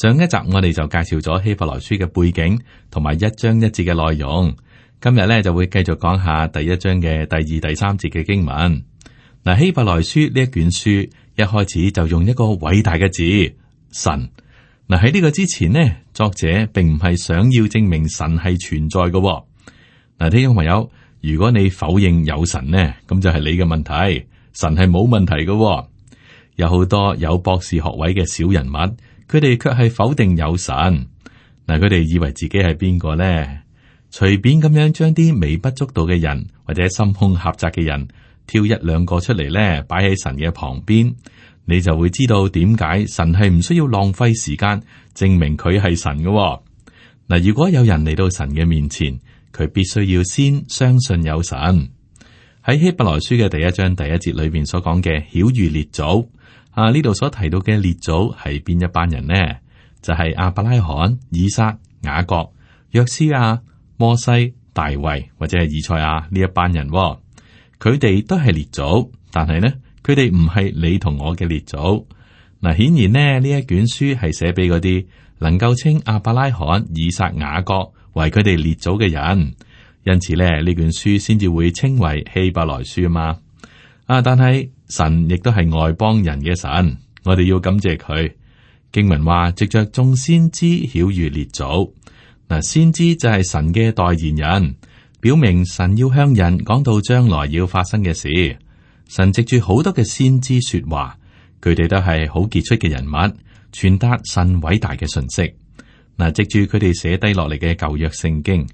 上一集我哋就介紹咗希伯來書嘅背景同埋一章一節嘅內容，今日咧就會繼續講下第一章嘅第二、第三節嘅經文。嗱，希伯來書呢一卷書一開始就用一個好偉大嘅字神。嗱，喺呢個之前呢，作者並唔係想要證明神係存在嘅。嗱，聽眾朋友，如果你否認有神呢，咁就係你嘅問題，神係冇問題嘅。有好多有博士學位嘅小人物。佢哋卻係否定有神。嗱，佢哋以為自己係邊個呢？隨便咁樣將啲微不足道嘅人或者心胸狹窄嘅人挑一兩個出嚟呢，擺喺神嘅旁邊，你就會知道點解神係唔需要浪費時間證明佢係神嘅。嗱，如果有人嚟到神嘅面前，佢必須要先相信有神。喺希伯來書嘅第一章第一節裏面所講嘅曉諭列祖。啊！呢度所提到嘅列祖係邊一班人呢？就係、是、亞伯拉罕、以撒、雅各、約書亞、摩西、大衛或者係以賽亞呢一班人、哦，佢哋都係列祖，但係呢佢哋唔係你同我嘅列祖。嗱、啊，顯然呢呢一卷書係寫俾嗰啲能夠稱亞伯拉罕、以撒、雅各為佢哋列祖嘅人，因此呢呢卷書先至會稱為希伯來書嘛。啊！但係神亦都係外邦人嘅神，我哋要感謝佢。經文話，藉着眾先知曉如列祖嗱，先知就係神嘅代言人，表明神要向人講到將來要發生嘅事。神藉住好多嘅先知說話，佢哋都係好傑出嘅人物，傳達神偉大嘅信息嗱。藉住佢哋寫低落嚟嘅舊約聖經，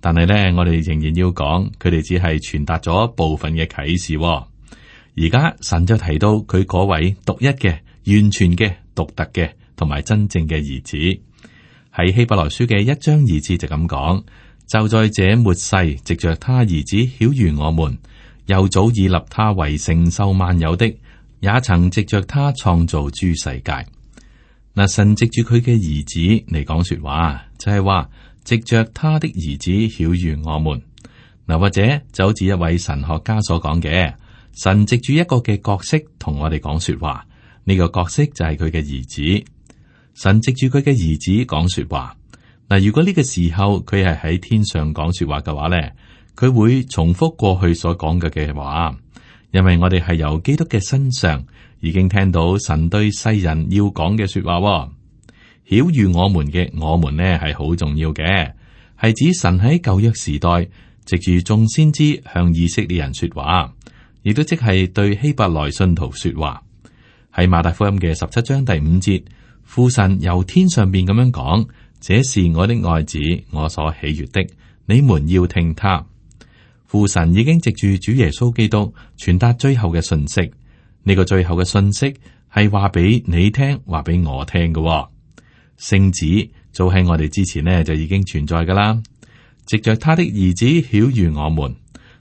但係咧，我哋仍然要講，佢哋只係傳達咗部分嘅啟示哦。而家神就提到佢嗰位獨一嘅、完全嘅、獨特嘅同埋真正嘅兒子，喺希伯來書嘅一章二節就咁講。就在這末世，藉着他兒子曉諭我們，又早已立他為承受萬有的，也曾藉着他創造諸世界。嗱，神藉住佢嘅兒子嚟講說話，就係話藉着他的兒子曉諭我們嗱，或者就好似一位神學家所講嘅。神藉住一個嘅角色同我哋講說話，呢個角色就係佢嘅兒子。神藉住佢嘅兒子講說話。嗱，如果呢個時候佢係喺天上講說話嘅話咧，佢會重複過去所講嘅嘅話，因為我哋係由基督嘅身上已經聽到神對世人要講嘅說話。曉諭我們嘅我們咧係好重要嘅，係指神喺舊約時代藉住眾先知向以色列人說話。亦都即係對希伯來信徒說話，喺馬太福音嘅十七章第五節，父神由天上邊咁樣講：，這是我的愛子，我所喜悦的，你們要聽他。父神已經藉住主耶穌基督傳達最後嘅訊息，呢個最後嘅訊息係話俾你聽，話俾我聽嘅。聖子早喺我哋之前呢，就已經存在噶啦，藉着他的兒子曉諭我們。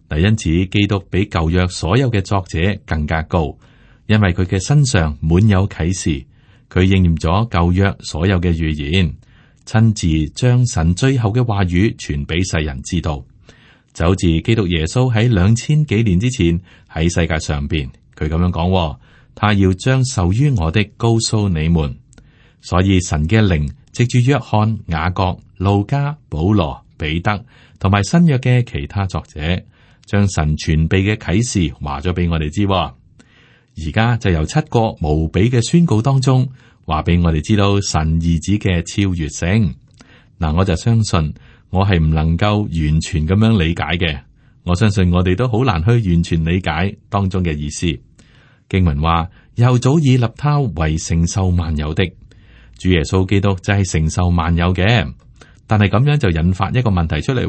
嗱，因此，基督比舊約所有嘅作者更加高，因為佢嘅身上滿有啟示，佢應驗咗舊約所有嘅預言，親自將神最後嘅話語傳俾世人知道。就好似基督耶穌喺兩千幾年之前喺世界上邊，佢咁樣講，他要將受於我的告訴你們。所以神嘅靈藉住約翰、雅各、路加、保羅、彼得同埋新約嘅其他作者。將神全備嘅啟示話咗俾我哋知，而家就由七個無比嘅宣告當中，話俾我哋知道神兒子嘅超越性。嗱，我就相信我係唔能夠完全咁樣理解嘅。我相信我哋都好難去完全理解當中嘅意思。經文話，又早已立他為承受萬有的，主耶穌基督就係承受萬有嘅。但係咁樣就引發一個問題出嚟。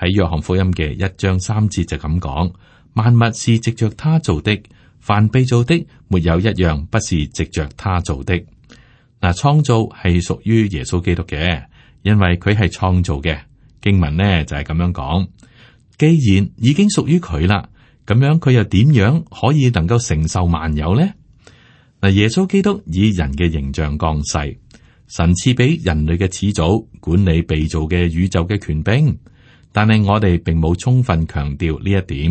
喺約翰福音嘅一章三節就咁講：萬物是藉着他做的，凡被做的沒有一樣不是藉着他做的。嗱、啊，創造係屬於耶穌基督嘅，因為佢係創造嘅，經文呢就係、是、咁樣講。既然已經屬於佢啦，咁樣佢又點樣可以能夠承受萬有呢？啊，嗱，耶穌基督以人嘅形象降世，神賜俾人類嘅始祖管理被造嘅宇宙嘅權柄。但係我哋並冇充分強調呢一點，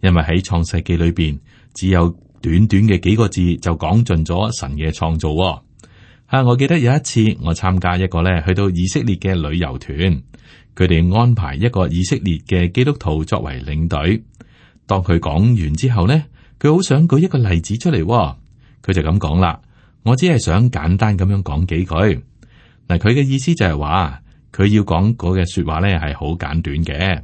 因為喺創世記裏邊只有短短嘅幾個字就講盡咗神嘅創造。吓，我記得有一次我參加一個咧，去到以色列嘅旅遊團，佢哋安排一個以色列嘅基督徒作為領隊。當佢講完之後呢，佢好想舉一個例子出嚟，佢就咁講啦。我只係想簡單咁樣講幾句。嗱，佢嘅意思就係話。佢要講嗰句說話咧，係好簡短嘅。呢、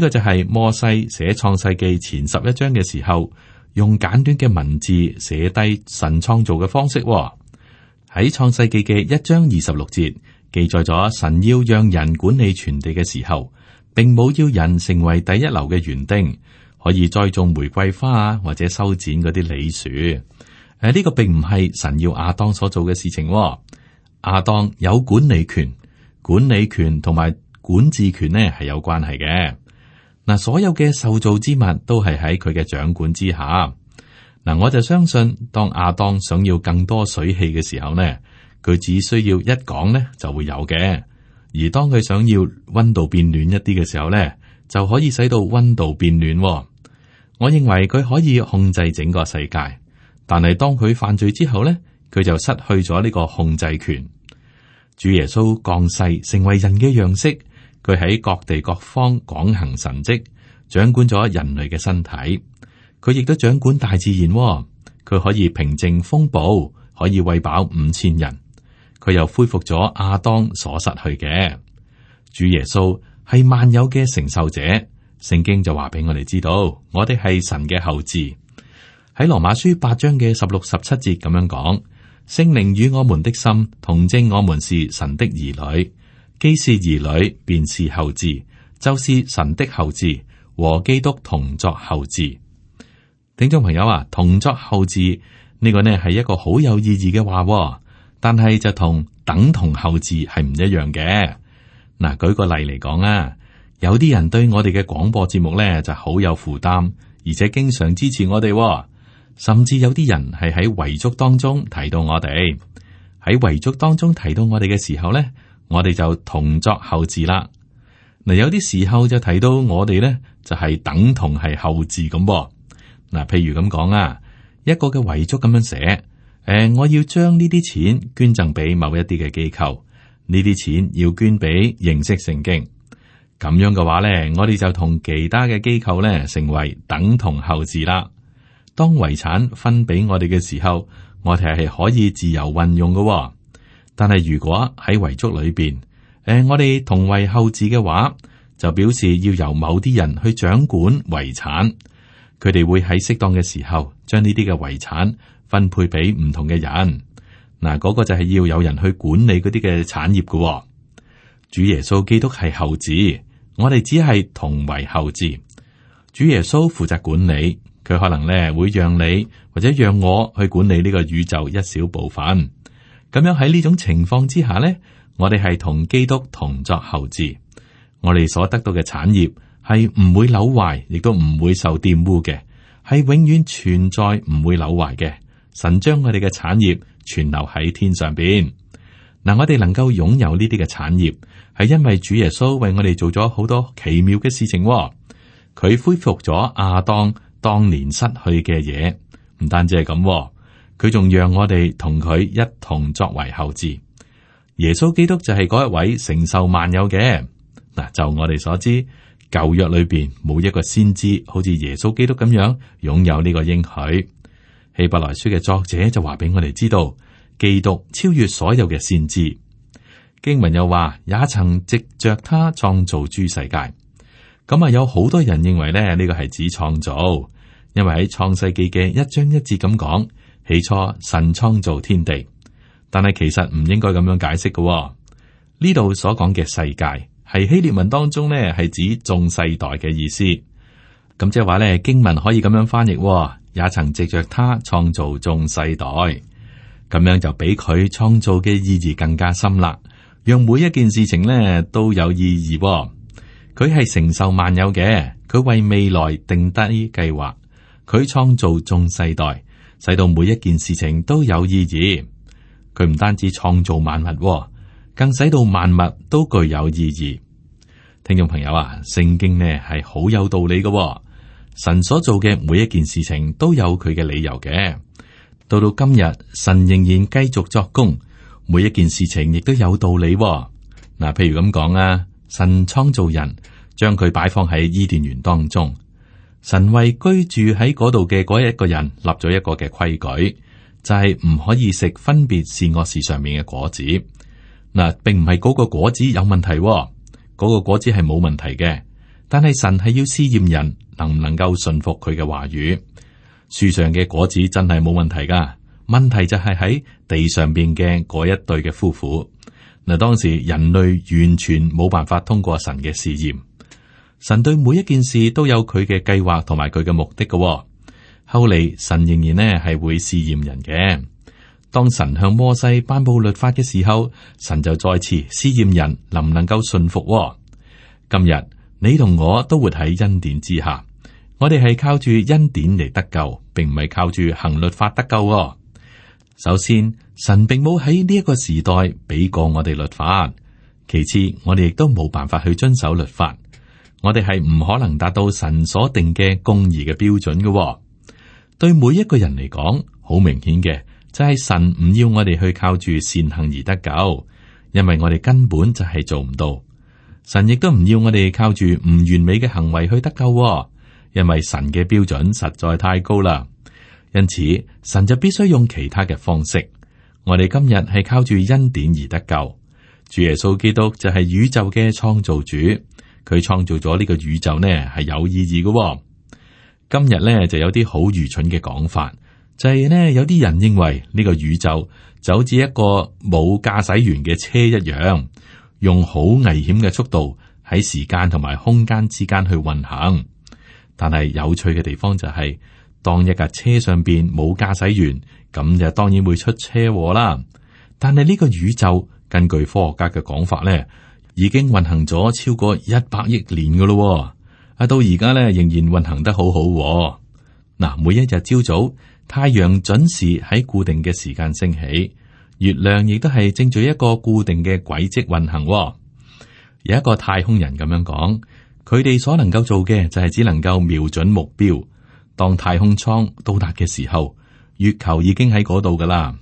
這個就係摩西寫創世紀前十一章嘅時候，用簡短嘅文字寫低神創造嘅方式，哦。喺創世紀嘅一章二十六節記載咗神要讓人管理全地嘅時候，並冇要人成為第一流嘅園丁，可以栽種玫瑰花，啊、或者修剪嗰啲李樹。誒、啊，呢、這個並唔係神要亞當所做嘅事情，哦。亞當有管理權。管理權同埋管治權呢係有關係嘅。嗱，所有嘅受造之物都係喺佢嘅掌管之下。嗱，我就相信，當亞當想要更多水氣嘅時候呢，佢只需要一講呢就會有嘅。而當佢想要溫度變暖一啲嘅時候呢，就可以使到溫度變暖。我認為佢可以控制整個世界，但係當佢犯罪之後呢，佢就失去咗呢個控制權。主耶穌降世，成為人嘅樣式，佢喺各地各方講行神蹟，掌管咗人類嘅身體。佢亦都掌管大自然，佢可以平靜風暴，可以餵飽五千人。佢又恢復咗亞當所失去嘅。主耶穌係萬有嘅承受者，聖經就話俾我哋知道，我哋係神嘅後嗣。喺羅馬書八章嘅十六十七節咁樣講。聖靈與我們的心同證，我們是神的兒女。既是兒女，便是後嗣，就是神的後嗣，和基督同作後嗣。聽眾朋友啊，同作後嗣，呢、這個呢係一個好有意義嘅話，但係就同等同後嗣係唔一樣嘅。嗱，舉個例嚟講啊，有啲人對我哋嘅廣播節目呢就好有負擔，而且經常支持我哋。甚至有啲人係喺遺囑當中提到我哋，喺遺囑當中提到我哋嘅時候咧，我哋就同作後嗣啦。嗱，有啲時候就提到我哋咧，就係等同係後嗣咁。嗱，譬如咁講啊，一個嘅遺囑咁樣寫，誒、呃，我要將呢啲錢捐贈俾某一啲嘅機構，呢啲錢要捐俾認識聖經咁樣嘅話咧，我哋就同其他嘅機構咧成為等同後嗣啦。當遺產分俾我哋嘅時候，我哋係可以自由運用嘅、哦。但係如果喺遺囑裏邊，誒、呃，我哋同為後嗣嘅話，就表示要由某啲人去掌管遺產，佢哋會喺適當嘅時候將呢啲嘅遺產分配俾唔同嘅人。嗱，嗰個就係要有人去管理嗰啲嘅產業嘅、哦。主耶穌基督係後嗣，我哋只係同為後嗣。主耶穌負責管理。佢可能咧，會讓你或者讓我去管理呢個宇宙一小部分。咁樣喺呢種情況之下呢，我哋係同基督同作後嗣。我哋所得到嘅產業係唔會朽壞，亦都唔會受玷污嘅，係永遠存在，唔會朽壞嘅。神將我哋嘅產業存留喺天上邊嗱、嗯。我哋能夠擁有呢啲嘅產業，係因為主耶穌為我哋做咗好多奇妙嘅事情、哦。佢恢復咗亞當。當年失去嘅嘢唔單止係咁，佢仲讓我哋同佢一同作為後嗣。耶穌基督就係嗰一位承受萬有嘅。嗱，就我哋所知，舊約裏邊冇一個先知好似耶穌基督咁樣擁有呢個應許。希伯來書嘅作者就話俾我哋知道，基督超越所有嘅先知。經文又話，也曾藉着他創造諸世界。咁啊，有好多人認為咧呢個係指創造。因為喺創世紀嘅一章一節咁講，起初神創造天地，但係其實唔應該咁樣解釋嘅、哦。呢度所講嘅世界係希臘文當中咧，係指眾世代嘅意思。咁即係話咧，經文可以咁樣翻譯、哦，也曾藉着他創造眾世代，咁樣就比佢創造嘅意義更加深啦。讓每一件事情咧都有意義、哦。佢係承受萬有嘅，佢為未來定低計劃。佢創造眾世代，使到每一件事情都有意義。佢唔單止創造萬物，更使到萬物都具有意義。聽眾朋友啊，聖經呢係好有道理㗎喎。神所做嘅每一件事情都有佢嘅理由嘅。到到今日，神仍然繼續作工，每一件事情亦都有道理喎。嗱、呃，譬如咁講啊，神創造人，將佢擺放喺伊甸園當中。神為居住喺嗰度嘅嗰一個人立咗一個嘅規矩，就係、是、唔可以食分別善惡樹上面嘅果子。嗱、啊，並唔係嗰個果子有問題、哦，嗰、那個果子係冇問題嘅。但係神係要試驗人能唔能夠順服佢嘅話語。樹上嘅果子真係冇問題噶，問題就係喺地上邊嘅嗰一對嘅夫婦。嗱、啊，當時人類完全冇辦法通過神嘅試驗。神對每一件事都有佢嘅計劃同埋佢嘅目的嘅、哦。後嚟神仍然咧係會試驗人嘅。當神向摩西頒布律法嘅時候，神就再次試驗人能唔能夠信服、哦。今日你同我都活喺恩典之下，我哋係靠住恩典嚟得救，並唔係靠住行律法得救、哦。首先，神並冇喺呢一個時代俾過我哋律法；其次，我哋亦都冇辦法去遵守律法。我哋係唔可能達到神所定嘅公義嘅標準嘅、哦。對每一個人嚟講，好明顯嘅就係、是、神唔要我哋去靠住善行而得救，因為我哋根本就係做唔到。神亦都唔要我哋靠住唔完美嘅行為去得救、哦，因為神嘅標準實在太高啦。因此，神就必須用其他嘅方式。我哋今日係靠住恩典而得救。主耶穌基督就係宇宙嘅創造主。佢創造咗呢個宇宙呢，係有意義嘅、哦。今日呢就有啲好愚蠢嘅講法，就係、是、呢有啲人認為呢個宇宙就好似一個冇駕駛員嘅車一樣，用好危險嘅速度喺時間同埋空間之間去運行。但係有趣嘅地方就係、是，當一架車上邊冇駕駛員，咁就當然會出車禍啦。但係呢個宇宙，根據科學家嘅講法呢，已經運行咗超過一百億年嘅咯喎，啊到而家咧仍然運行得好好。嗱，每一日朝早，太陽準時喺固定嘅時間升起，月亮亦都係正在一個固定嘅軌跡運行喎。有一個太空人咁樣講，佢哋所能夠做嘅就係只能夠瞄準目標，當太空艙到達嘅時候，月球已經喺嗰度噶啦。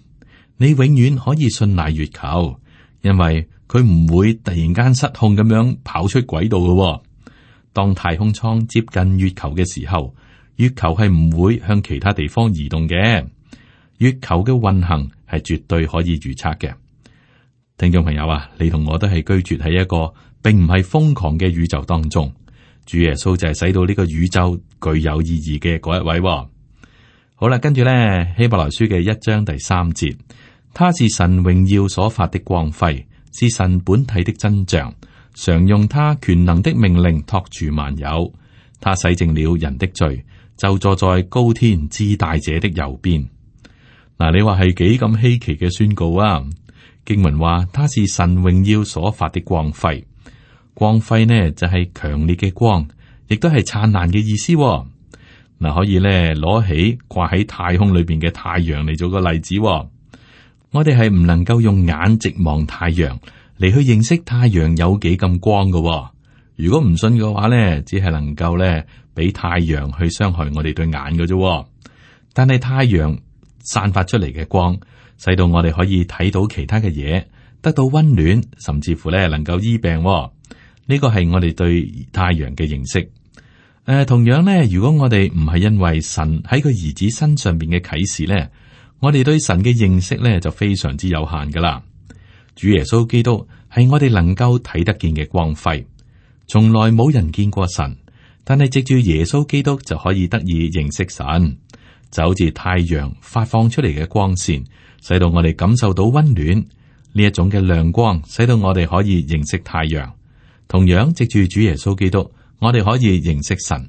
你永遠可以信賴月球，因為。佢唔會突然間失控咁樣跑出軌道嘅喎。當太空艙接近月球嘅時候，月球係唔會向其他地方移動嘅。月球嘅運行係絕對可以預測嘅。聽眾朋友啊，你同我都係居住喺一個並唔係瘋狂嘅宇宙當中。主耶穌就係使到呢個宇宙具有意義嘅嗰一位喎。好啦，跟住咧希伯來書嘅一章第三節，他是神榮耀所發的光輝。是神本體的真像，常用他權能的命令托住萬有，他洗淨了人的罪，就坐在高天至大者的右邊。嗱、啊，你話係幾咁稀奇嘅宣告啊？經文話，他是神榮耀所發的光輝，光輝呢就係、是、強烈嘅光，亦都係燦爛嘅意思、哦。嗱、啊，可以呢攞起掛喺太空裏邊嘅太陽嚟做個例子、哦。我哋係唔能夠用眼直望太陽嚟去認識太陽有幾咁光噶、哦。如果唔信嘅話咧，只係能夠咧俾太陽去傷害我哋對眼嘅啫。但係太陽散發出嚟嘅光，使到我哋可以睇到其他嘅嘢，得到溫暖，甚至乎咧能夠醫病、哦。呢個係我哋對太陽嘅認識。誒、呃，同樣咧，如果我哋唔係因為神喺佢兒子身上邊嘅啟示咧。我哋對神嘅認識咧就非常之有限噶啦，主耶穌基督係我哋能夠睇得見嘅光輝，從來冇人見過神，但係藉住耶穌基督就可以得以認識神。就好似太陽發放出嚟嘅光線，使到我哋感受到溫暖呢一種嘅亮光，使到我哋可以認識太陽。同樣藉住主耶穌基督，我哋可以認識神。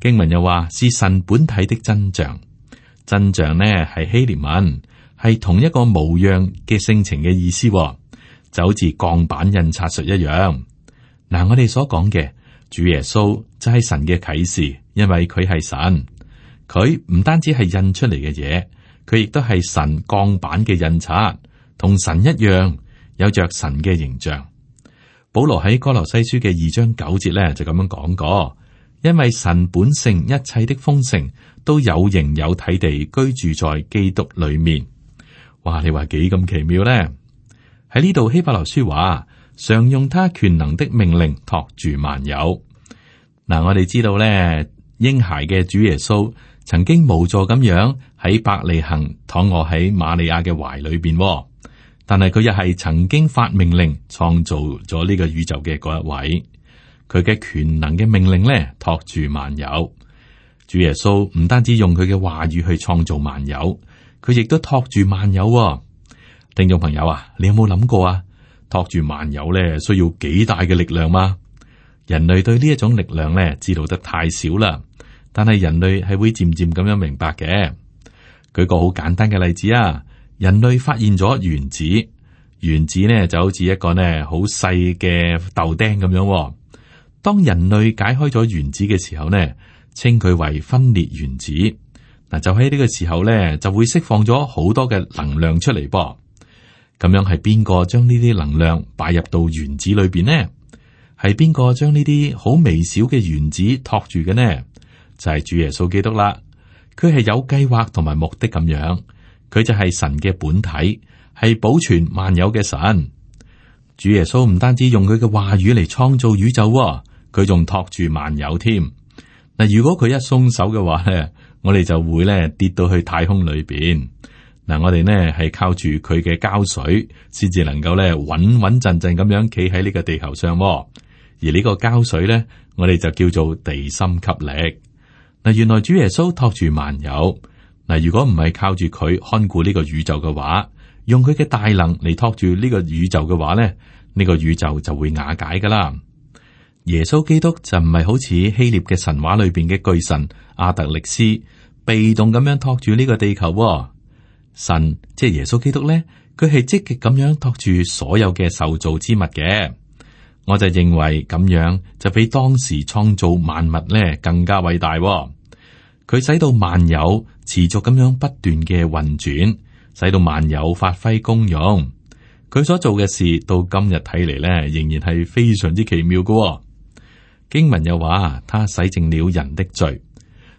經文又話，是神本體的真像。真像呢，係希列文，係同一個模樣嘅性情嘅意思，就好似鋼板印刷術一樣。嗱、啊，我哋所講嘅主耶穌就係神嘅啟示，因為佢係神，佢唔單止係印出嚟嘅嘢，佢亦都係神鋼板嘅印刷，同神一樣，有着神嘅形象。保羅喺哥羅西書嘅二章九節咧，就咁樣講過，因為神本性一切的豐盛都有形有體地居住在基督裏面，哇！你話幾咁奇妙咧？喺呢度希伯來書話，常用他權能的命令托住萬有。嗱、啊，我哋知道咧，嬰孩嘅主耶穌曾經無助咁樣喺伯利恆躺臥喺瑪利亞嘅懷裏邊，但係佢又係曾經發命令創造咗呢個宇宙嘅嗰一位，佢嘅權能嘅命令咧托住萬有。主耶穌唔單止用佢嘅話語去創造萬有，佢亦都托住萬有。聽眾朋友啊，你有冇諗過啊？托住萬有咧，需要幾大嘅力量嗎？人類對呢一種力量咧，知道得太少啦。但係人類係會漸漸咁樣明白嘅。舉個好簡單嘅例子啊，人類發現咗原子，原子咧就好似一個咧好細嘅豆丁咁樣。當人類解開咗原子嘅時候咧。稱佢為分裂原子嗱，就喺呢個時候咧，就會釋放咗好多嘅能量出嚟。噉咁樣係邊個將呢啲能量擺入到原子裏邊呢？係邊個將呢啲好微小嘅原子托住嘅呢？就係主耶穌基督啦，佢係有計劃同埋目的咁樣，佢就係神嘅本體，係保存萬有嘅神。主耶穌唔單止用佢嘅話語嚟創造宇宙，佢仲托住萬有添。嗱，如果佢一鬆手嘅話咧，我哋就會咧跌到去太空裏邊。嗱，我哋呢係靠住佢嘅膠水先至能夠咧穩穩陣陣咁樣企喺呢個地球上。而呢個膠水咧，我哋就叫做地心吸力。嗱，原來主耶穌托住萬有。嗱，如果唔係靠住佢看顧呢個宇宙嘅話，用佢嘅大能嚟托住呢個宇宙嘅話咧，呢個宇宙就會瓦解噶啦。耶穌基督就唔係好似希臘嘅神話裏邊嘅巨神阿特利斯被動咁樣托住呢個地球喎。神即係耶穌基督咧，佢係積極咁樣托住所有嘅受造之物嘅。我就認為咁樣就比當時創造萬物咧更加偉大喎。佢使到萬有持續咁樣不斷嘅運轉，使到萬有發揮功用。佢所做嘅事到今日睇嚟，咧，仍然係非常之奇妙噶喎。經文又話，他洗淨了人的罪。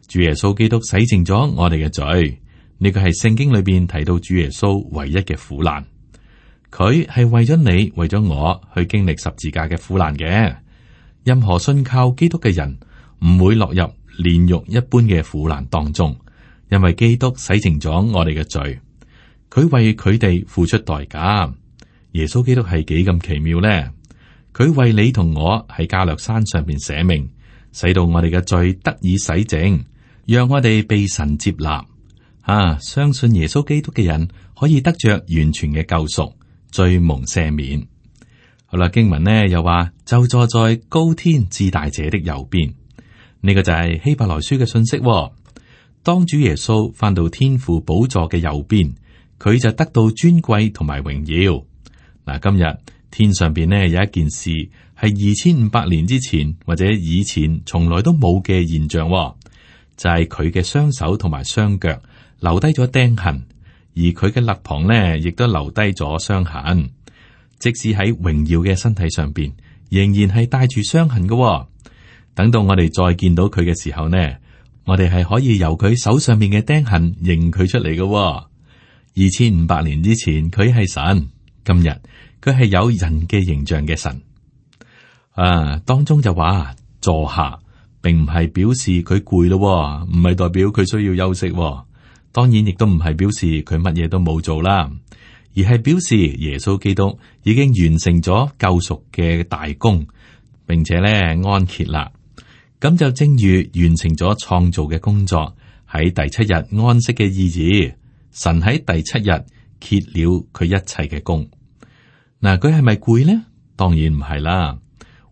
主耶穌基督洗淨咗我哋嘅罪，呢個係聖經裏邊提到主耶穌唯一嘅苦難。佢係為咗你，為咗我去經歷十字架嘅苦難嘅。任何信靠基督嘅人唔會落入煉獄一般嘅苦難當中，因為基督洗淨咗我哋嘅罪。佢為佢哋付出代價。耶穌基督係幾咁奇妙呢？佢為你同我喺加略山上邊捨命，使到我哋嘅罪得以洗淨，讓我哋被神接納。吓、啊，相信耶穌基督嘅人可以得着完全嘅救贖，罪蒙赦免。好啦，經文呢又話就坐在高天至大者的右邊，呢、這個就係希伯來書嘅信息、哦。當主耶穌返到天父寶座嘅右邊，佢就得到尊貴同埋榮耀。嗱，今日。天上邊呢有一件事係二千五百年之前或者以前從來都冇嘅現象喎，就係佢嘅雙手同埋雙腳留低咗釘痕，而佢嘅肋旁呢亦都留低咗傷痕。即使喺榮耀嘅身體上邊，仍然係帶住傷痕嘅喎。等到我哋再見到佢嘅時候呢，我哋係可以由佢手上面嘅釘痕認佢出嚟嘅喎。二千五百年之前佢係神，今日。佢係有人嘅形象嘅神啊，當中就話坐下，並唔係表示佢攰咯，唔係代表佢需要休息。當然亦都唔係表示佢乜嘢都冇做啦，而係表示耶穌基督已經完成咗救贖嘅大功，並且咧，安歇啦。咁就正如完成咗創造嘅工作喺第七日安息嘅意義，神喺第七日揭了佢一切嘅功。嗱，佢係咪攰呢？當然唔係啦。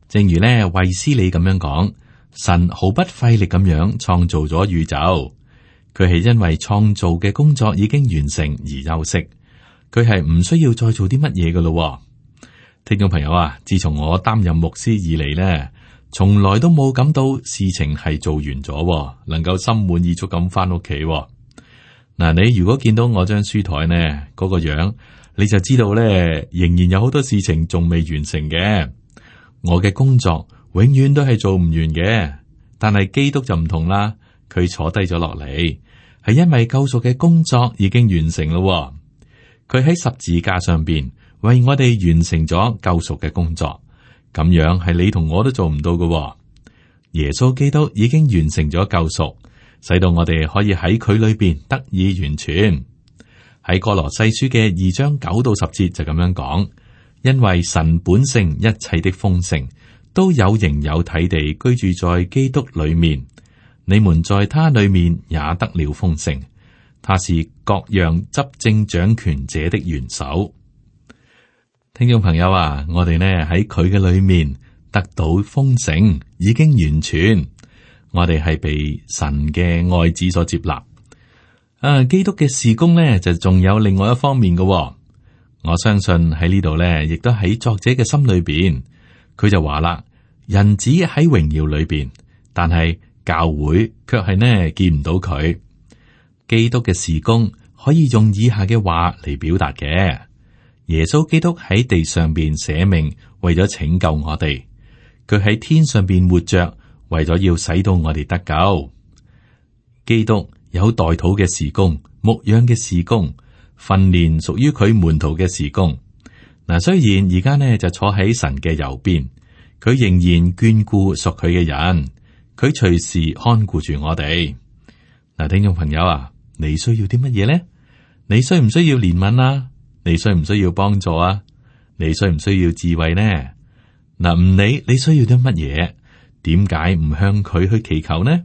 正如咧，衛斯理咁樣講，神毫不費力咁樣創造咗宇宙，佢係因為創造嘅工作已經完成而休息，佢係唔需要再做啲乜嘢噶咯。聽眾朋友啊，自從我擔任牧師以嚟呢，從來都冇感到事情係做完咗，能夠心滿意足咁翻屋企。嗱、呃，你如果見到我張書枱呢嗰、嗰個樣。你就知道咧，仍然有好多事情仲未完成嘅。我嘅工作永遠都係做唔完嘅。但係基督就唔同啦，佢坐低咗落嚟，係因為救贖嘅工作已經完成咯。佢喺十字架上邊，為我哋完成咗救贖嘅工作，咁樣，係你同我都做唔到嘅。耶穌基督已經完成咗救贖，使到我哋可以喺佢裏邊得以完全。喺《哥羅西書》嘅二章九到十節就咁樣講，因為神本性一切的豐盛都有形有體地居住在基督裏面，你們在他裏面也得了豐盛，他是各樣執政掌權者的元首。聽眾朋友啊，我哋呢喺佢嘅裏面得到豐盛，已經完全，我哋係被神嘅愛子所接納。啊！基督嘅事工呢，就仲有另外一方面嘅、哦。我相信喺呢度呢，亦都喺作者嘅心裏邊，佢就話啦：人子喺榮耀裏邊，但係教會卻係呢見唔到佢。基督嘅事工可以用以下嘅話嚟表達嘅：耶穌基督喺地上邊捨命，為咗拯救我哋；佢喺天上邊活着，為咗要使到我哋得救。基督。有代土嘅事工，牧養嘅事工，訓練屬於佢門徒嘅事工。嗱，雖然而家呢就坐喺神嘅右邊，佢仍然眷顧屬佢嘅人，佢隨時看顧住我哋。嗱，聽眾朋友啊，你需要啲乜嘢呢？你需唔需要憐憫啊？你需唔需要幫助啊？你需唔需要智慧呢？嗱，唔理你需要啲乜嘢，點解唔向佢去祈求呢？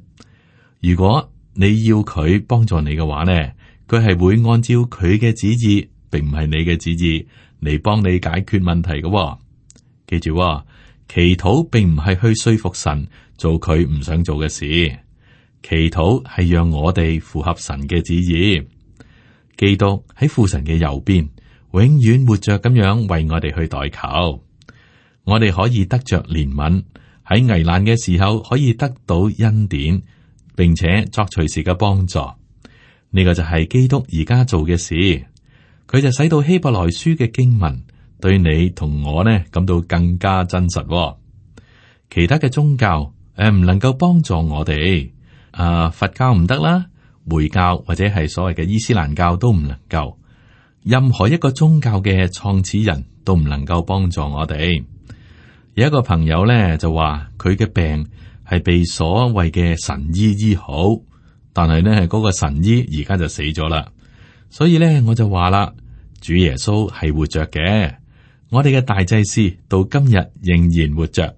如果……你要佢幫助你嘅話呢，佢係會按照佢嘅旨意，並唔係你嘅旨意嚟幫你解決問題嘅，哦。記住，哦，祈禱並唔係去說服神做佢唔想做嘅事，祈禱係讓我哋符合神嘅旨意。基督喺父神嘅右邊，永遠活着咁樣為我哋去代求，我哋可以得着憐憫，喺危難嘅時候可以得到恩典。並且作隨時嘅幫助，呢個就係基督而家做嘅事。佢就使到希伯來書嘅經文對你同我呢感到更加真實哦。其他嘅宗教誒唔能夠幫助我哋啊、呃，佛教唔得啦，回教或者係所謂嘅伊斯蘭教都唔能夠。任何一個宗教嘅創始人都唔能夠幫助我哋。有一個朋友呢，就話佢嘅病，係被所謂嘅神醫醫好，但係呢嗰，那個神醫而家就死咗啦。所以呢，我就話啦，主耶穌係活着嘅，我哋嘅大祭司到今日仍然活着。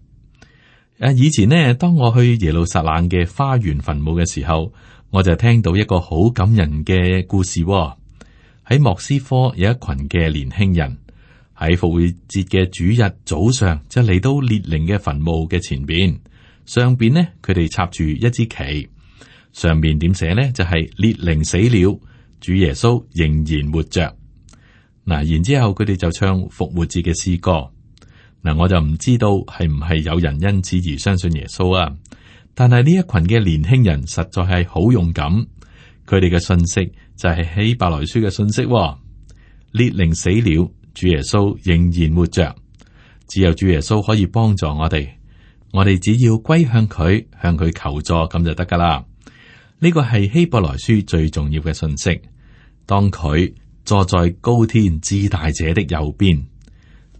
誒，啊，以前呢，當我去耶路撒冷嘅花園墳墓嘅時候，我就聽到一個好感人嘅故事喎，哦。喺莫斯科有一群嘅年輕人喺復活節嘅主日早上就嚟到列寧嘅墳墓嘅前邊。上邊呢，佢哋插住一支旗，上面點寫呢？就係列寧死了，主耶穌仍然活着。嗱，然之後佢哋就唱復活節嘅詩歌。嗱，我就唔知道係唔係有人因此而相信耶穌啊？但係呢一群嘅年輕人實在係好勇敢，佢哋嘅信息就係《希伯來書》嘅信息，哦。列寧死了，主耶穌仍然活着，只有主耶穌可以幫助我哋。我哋只要歸向佢，向佢求助咁就得噶啦。呢個係希伯來書最重要嘅信息。當佢坐在高天至大者的右邊，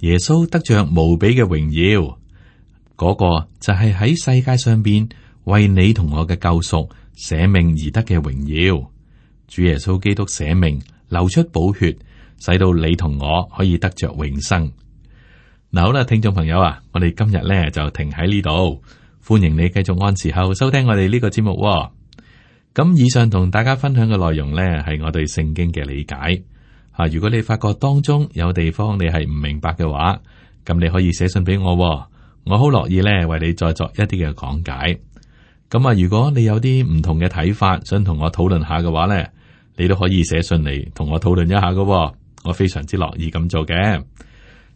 耶穌得着無比嘅榮耀。嗰個就係喺世界上邊為你同我嘅救贖捨命而得嘅榮耀。主耶穌基督捨命流出寶血，使到你同我可以得着永生。嗱好啦，聽眾朋友啊，我哋今日咧，就停喺呢度。歡迎你繼續按時候收聽我哋呢個節目喎。咁以上同大家分享嘅內容呢，係我對聖經嘅理解吓。如果你發覺當中有地方你係唔明白嘅話，咁你可以寫信俾我喎，我好樂意咧為你再作一啲嘅講解。咁啊，如果你有啲唔同嘅睇法，想同我討論下嘅話呢，你都可以寫信嚟同我討論一下噶喎。我非常之樂意咁做嘅。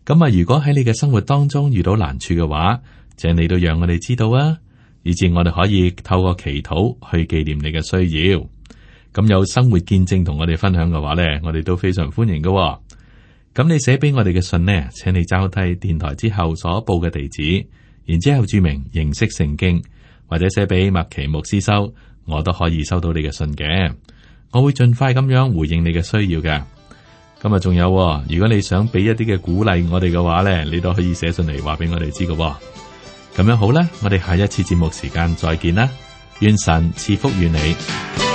咁啊！如果喺你嘅生活當中遇到難處嘅話，請、就是、你都讓我哋知道啊，以至我哋可以透過祈禱去紀念你嘅需要。咁有生活見證同我哋分享嘅話咧，我哋都非常歡迎嘅、哦。咁你寫俾我哋嘅信咧，請你抄低電台之後所報嘅地址，然之後注明認識聖經，或者寫俾麥奇牧師收，我都可以收到你嘅信嘅。我會盡快咁樣回應你嘅需要嘅。咁啊，仲有、哦，如果你想俾一啲嘅鼓勵我哋嘅話咧，你都可以寫信嚟話俾我哋知嘅。咁樣好啦，我哋下一次節目時間再見啦，願神賜福與你。